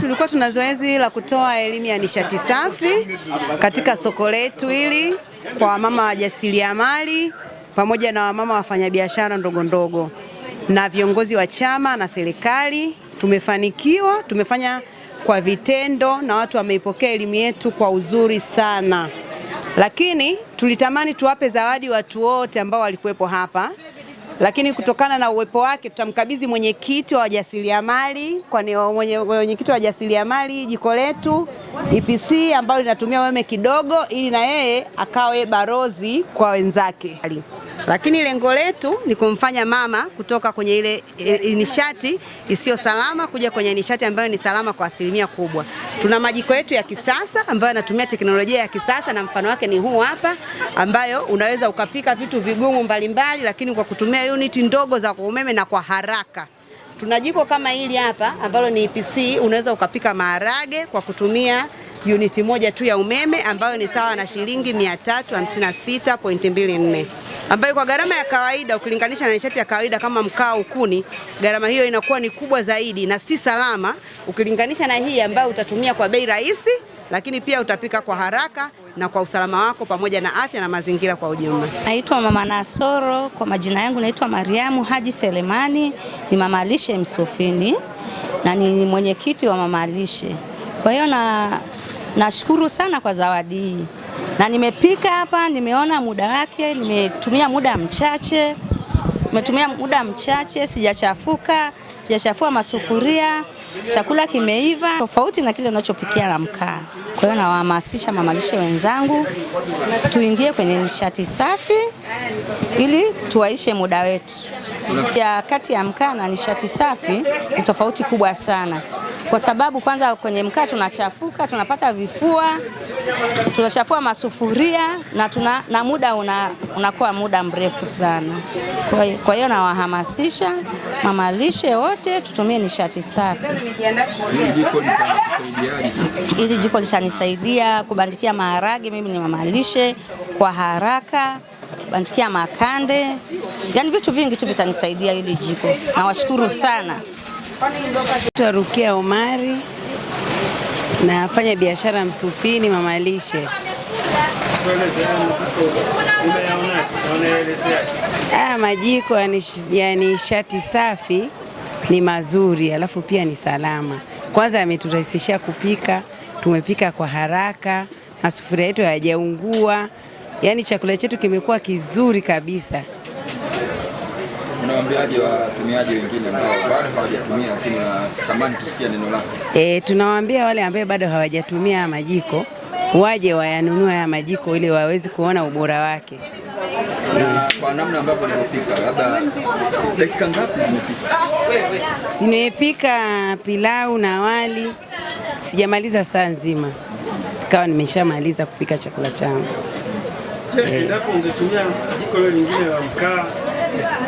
tulikuwa tuna zoezi la kutoa elimu ya nishati safi katika soko letu hili kwa wamama wajasiriamali pamoja na wamama wafanyabiashara ndogo ndogo na viongozi wa chama na serikali. Tumefanikiwa, tumefanya kwa vitendo na watu wameipokea elimu yetu kwa uzuri sana, lakini tulitamani tuwape zawadi watu wote ambao walikuwepo hapa lakini kutokana na uwepo wake tutamkabidhi mwenyekiti wa wajasiriamali ni mwenyekiti wa wajasiriamali jiko letu EPC ambayo linatumia umeme kidogo, ili na yeye akawe barozi kwa wenzake. Lakini lengo letu ni kumfanya mama kutoka kwenye ile e, nishati isiyo salama kuja kwenye nishati ambayo ni salama kwa asilimia kubwa. Tuna majiko yetu ya kisasa ambayo yanatumia teknolojia ya kisasa na mfano wake ni huu hapa, ambayo unaweza ukapika vitu vigumu mbalimbali, lakini kwa kutumia uniti ndogo za umeme na kwa haraka. Tuna jiko kama hili hapa ambalo ni pc unaweza ukapika maharage kwa kutumia uniti moja tu ya umeme ambayo ni sawa na shilingi 356.24 ambayo kwa gharama ya kawaida ukilinganisha na nishati ya kawaida kama mkaa, ukuni, gharama hiyo inakuwa ni kubwa zaidi na si salama ukilinganisha na hii ambayo utatumia kwa bei rahisi, lakini pia utapika kwa haraka na kwa usalama wako pamoja na afya na mazingira kwa ujumla. Naitwa Mama Nasoro, kwa majina yangu naitwa Mariamu Haji Selemani, ni mama lishe Msufini na ni mwenyekiti wa mama lishe. Kwa hiyo na nashukuru sana kwa zawadi hii na nimepika hapa, nimeona muda wake, nimetumia muda mchache, nimetumia muda mchache, sijachafuka, sijachafua masufuria, chakula kimeiva tofauti na kile unachopikia la mkaa. Kwa hiyo nawahamasisha mamalishe wenzangu tuingie kwenye nishati safi ili tuwaishe muda wetu ya kati ya mkaa na nishati safi ni tofauti kubwa sana kwa sababu kwanza kwenye mkaa tunachafuka, tunapata vifua, tunachafua masufuria na, tuna, na muda una, unakuwa muda mrefu sana. Kwa hiyo nawahamasisha mama lishe wote tutumie nishati safi. Hili jiko litanisaidia kubandikia maharage, mimi ni mama lishe kwa haraka bandikia makande, yani vitu vingi tu vitanisaidia hili jiko. Nawashukuru sana. Rukia Omari nafanya biashara Msufini mama lishe. Ah, majiko ya nishati safi ni mazuri, alafu pia ni salama. Kwanza ameturahisishia kupika, tumepika kwa haraka, masufuria yetu hayajaungua, yaani chakula chetu kimekuwa kizuri kabisa unawaambiaje watumiaji wengine ambao bado hawajatumia lakini natamani tusikie neno lako? E, tunawaambia wale ambao bado hawajatumia majiko waje wayanunue haya majiko ili waweze kuona ubora wake na kwa namna ambavyo nimepika, labda dakika ngapi zimepika? Sinimepika pilau na wali, sijamaliza saa nzima, kawa nimeshamaliza kupika chakula changu. Je, endapo ungetumia jiko lingine la mkaa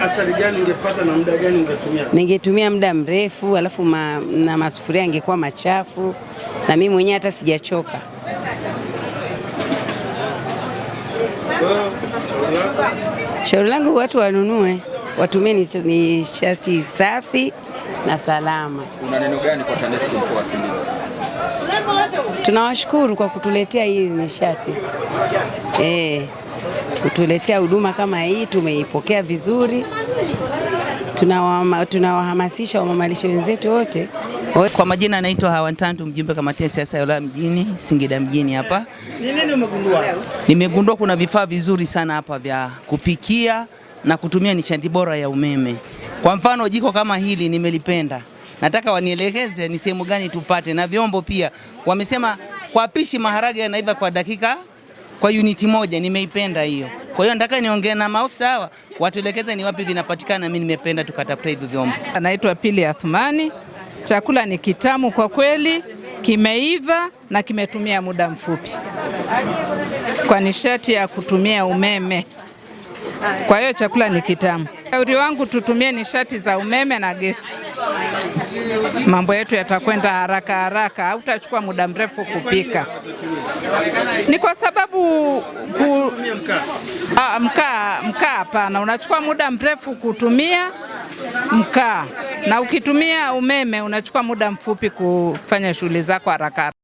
Athari gani ungepata na muda gani ungetumia? Ningetumia muda mrefu, alafu ma, na masufuria yangekuwa machafu na mimi mwenyewe hata sijachoka. Shauri langu watu wanunue, watumie ni, ni safi na salama. Una neno gani kwa TANESCO mkoa wa Simiyu? Tunawashukuru kwa kutuletea hii nishati eh kutuletea huduma kama hii, tumeipokea vizuri. tunawahamasisha wamamalishe wenzetu wote. Kwa majina anaitwa Hawantandu, mjumbe kamati ya siasa ya wilaya mjini Singida mjini hapa. Nimegundua kuna vifaa vizuri sana hapa vya kupikia na kutumia nishati bora ya umeme. Kwa mfano jiko kama hili nimelipenda, nataka wanielekeze ni sehemu gani tupate, na vyombo pia. Wamesema kwa pishi maharage yanaiva kwa dakika kwa uniti moja, nimeipenda hiyo. Kwa hiyo nataka niongee na maofisa hawa watuelekeze ni wapi vinapatikana, mimi nimependa tukatafuta hivi vyombo. Anaitwa Pili Athmani. Chakula ni kitamu kwa kweli, kimeiva na kimetumia muda mfupi kwa nishati ya kutumia umeme. Kwa hiyo chakula ni kitamu. Shauri wangu tutumie nishati za umeme na gesi mambo yetu yatakwenda haraka haraka, hautachukua muda mrefu kupika. Ni kwa sababu ku... ah, mkaa mkaa, hapana, unachukua muda mrefu kutumia mkaa, na ukitumia umeme unachukua muda mfupi kufanya shughuli zako haraka haraka.